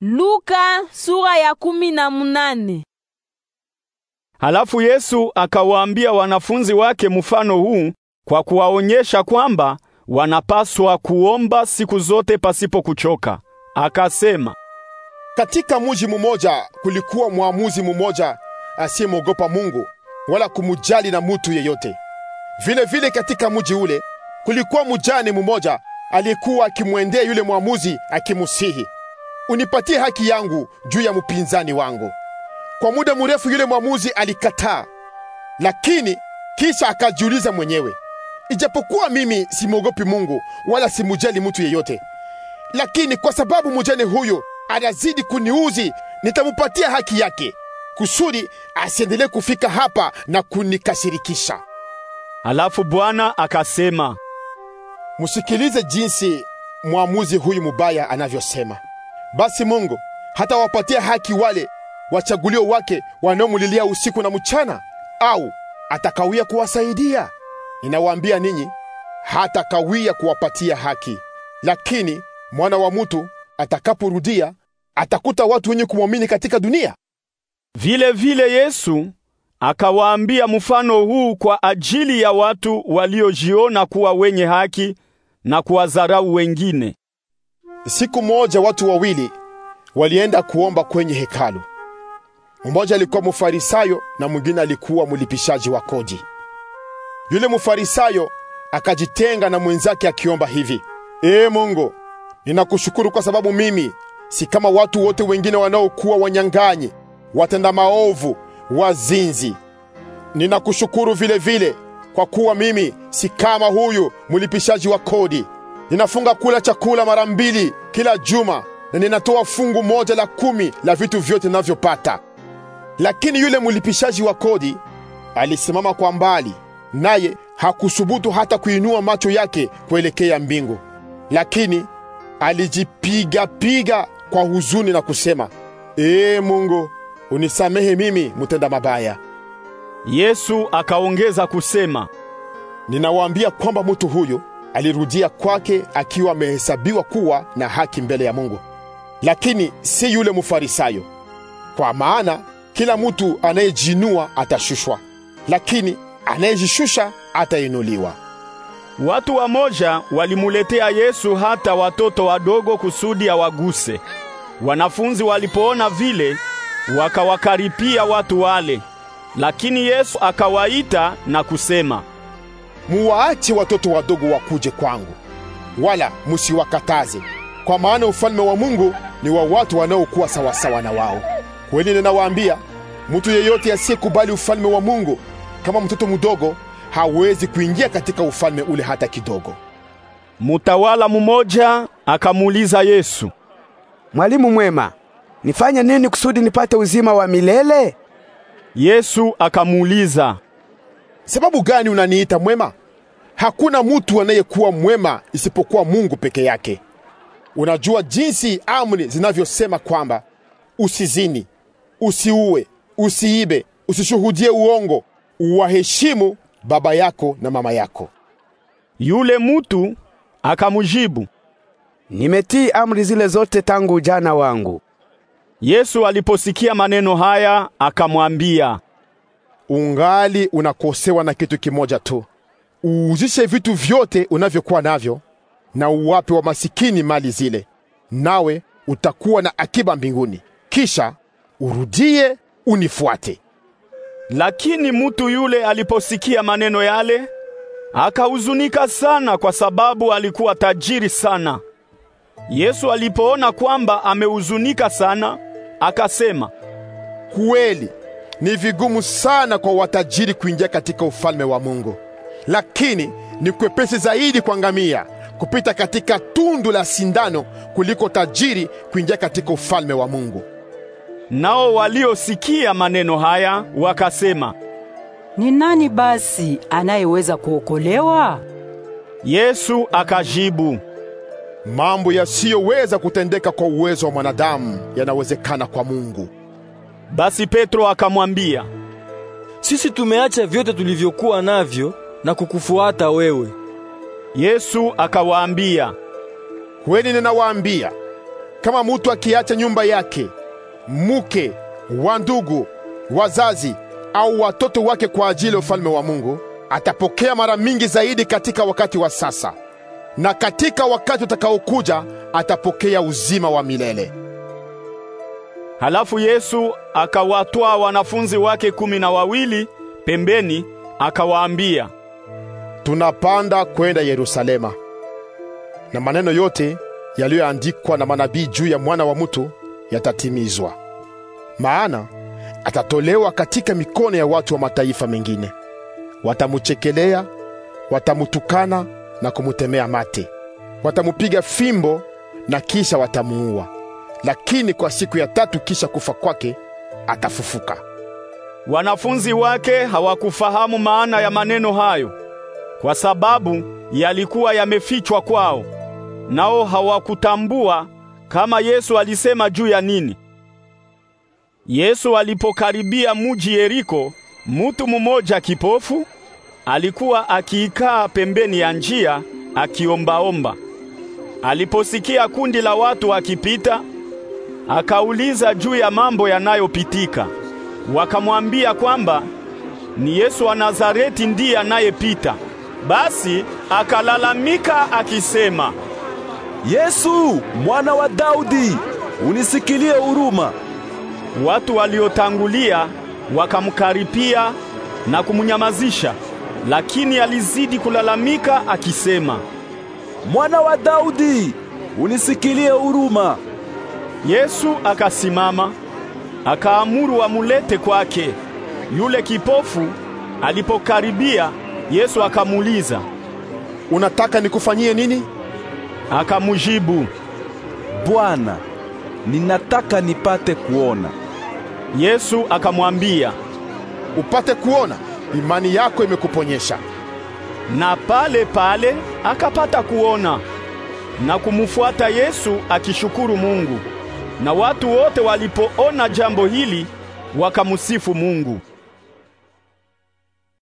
Luka sura ya kumi na munane. Halafu Yesu akawaambia wanafunzi wake mfano huu kwa kuwaonyesha kwamba wanapaswa kuomba siku zote pasipo kuchoka. Akasema, katika muji mumoja kulikuwa mwamuzi mumoja asiyemwogopa Mungu wala kumujali na mutu yeyote. Vile vile katika muji ule kulikuwa mujani mumoja aliyekuwa akimwendea yule mwamuzi akimusihi unipatie haki yangu juu ya mpinzani wangu. Kwa muda mrefu yule mwamuzi alikataa, lakini kisha akajiuliza mwenyewe, ijapokuwa mimi simwogopi Mungu wala simujali mtu yeyote, lakini kwa sababu mjane huyu anazidi kuniuzi, nitamupatia haki yake kusudi asiendelee kufika hapa na kunikasirikisha. alafu Bwana akasema, msikilize jinsi mwamuzi huyu mubaya anavyosema. Basi Mungu hatawapatia haki wale wachagulio wake wanaomulilia usiku na mchana, au atakawia kuwasaidia? Ninawaambia ninyi, hatakawia kuwapatia haki. Lakini mwana wa mutu atakaporudia, atakuta watu wenye kumwamini katika dunia? Vile vile Yesu akawaambia mfano huu kwa ajili ya watu waliojiona kuwa wenye haki na kuwadharau wengine. Siku moja watu wawili walienda kuomba kwenye hekalu. Mmoja alikuwa mfarisayo na mwingine alikuwa mlipishaji wa kodi. Yule mfarisayo akajitenga na mwenzake akiomba hivi: Ee Mungu, ninakushukuru kwa sababu mimi si kama watu wote wengine wanaokuwa wanyang'anyi, watenda maovu, wazinzi. Ninakushukuru vile vile kwa kuwa mimi si kama huyu mlipishaji wa kodi. Ninafunga kula chakula mara mbili kila juma na ninatoa fungu moja la kumi la vitu vyote ninavyopata. Lakini yule mlipishaji wa kodi alisimama kwa mbali, naye hakusubutu hata kuinua macho yake kuelekea mbingu, lakini alijipigapiga kwa huzuni na kusema, Ee Mungu, unisamehe mimi mtenda mabaya. Yesu akaongeza kusema, ninawaambia kwamba mtu huyu alirudia kwake akiwa amehesabiwa kuwa na haki mbele ya Mungu, lakini si yule Mfarisayo. Kwa maana kila mtu anayejinua atashushwa, lakini anayejishusha atainuliwa. Watu wamoja walimuletea Yesu hata watoto wadogo kusudi awaguse. Wanafunzi walipoona vile, wakawakaripia watu wale, lakini Yesu akawaita na kusema muwaache watoto wadogo wakuje kwangu, wala musiwakataze, kwa maana ufalme wa Mungu ni wa watu wanaokuwa sawasawa na wao. Kweli ninawaambia, mtu yeyote asiyekubali ufalme wa Mungu kama mtoto mdogo hawezi kuingia katika ufalme ule hata kidogo. Mutawala mmoja akamuuliza Yesu, Mwalimu mwema, nifanye nini kusudi nipate uzima wa milele? Yesu akamuuliza, sababu gani unaniita mwema? Hakuna mutu anayekuwa mwema isipokuwa Mungu peke yake. Unajua jinsi amri zinavyosema kwamba usizini, usiue, usiibe, usishuhudie uongo, uwaheshimu baba yako na mama yako. Yule mutu akamjibu, nimetii amri zile zote tangu ujana wangu. Yesu aliposikia maneno haya akamwambia, ungali unakosewa na kitu kimoja tu. Uuzishe vitu vyote unavyokuwa navyo na uwape wa masikini mali zile, nawe utakuwa na akiba mbinguni. Kisha urudie unifuate. Lakini mtu yule aliposikia maneno yale akahuzunika sana, kwa sababu alikuwa tajiri sana. Yesu alipoona kwamba amehuzunika sana, akasema, kweli ni vigumu sana kwa watajiri kuingia katika ufalme wa Mungu, lakini ni kwepesi zaidi kwa ngamia kupita katika tundu la sindano kuliko tajiri kuingia katika ufalme wa Mungu. Nao waliosikia maneno haya wakasema, ni nani basi anayeweza kuokolewa? Yesu akajibu, mambo yasiyoweza kutendeka kwa uwezo wa mwanadamu yanawezekana kwa Mungu. Basi Petro akamwambia, sisi tumeacha vyote tulivyokuwa navyo na kukufuata wewe. Yesu akawaambia, kweli ninawaambia, kama mutu akiacha nyumba yake, muke, wandugu, wazazi au watoto wake kwa ajili ya ufalme wa Mungu, atapokea mara mingi zaidi katika wakati wa sasa, na katika wakati utakaokuja atapokea uzima wa milele. Halafu Yesu akawatoa wanafunzi wake kumi na wawili pembeni, akawaambia, tunapanda kwenda Yerusalema, na maneno yote yaliyoandikwa na manabii juu ya mwana wa mtu yatatimizwa. Maana atatolewa katika mikono ya watu wa mataifa mengine, watamuchekelea, watamutukana na kumutemea mate, watamupiga fimbo na kisha watamuua lakini kwa siku ya tatu kisha kufa kwake atafufuka. Wanafunzi wake hawakufahamu maana ya maneno hayo, kwa sababu yalikuwa yamefichwa kwao, nao hawakutambua kama Yesu alisema juu ya nini. Yesu alipokaribia muji Yeriko, mutu mumoja kipofu alikuwa akiikaa pembeni ya njia akiombaomba. Aliposikia kundi la watu akipita, akauliza juu ya mambo yanayopitika. Wakamwambia kwamba ni Yesu wa Nazareti ndiye anayepita. Basi akalalamika akisema, Yesu mwana wa Daudi, unisikilie huruma. Watu waliotangulia wakamkaripia na kumnyamazisha, lakini alizidi kulalamika akisema, mwana wa Daudi, unisikilie huruma. Yesu akasimama akaamuru amulete kwake. Yule kipofu alipokaribia, Yesu akamuuliza, unataka nikufanyie nini? Akamjibu, Bwana, ninataka nipate kuona. Yesu akamwambia, upate kuona, imani yako imekuponyesha. Na pale pale akapata kuona na kumfuata Yesu akishukuru Mungu. Na watu wote walipoona jambo hili wakamsifu Mungu.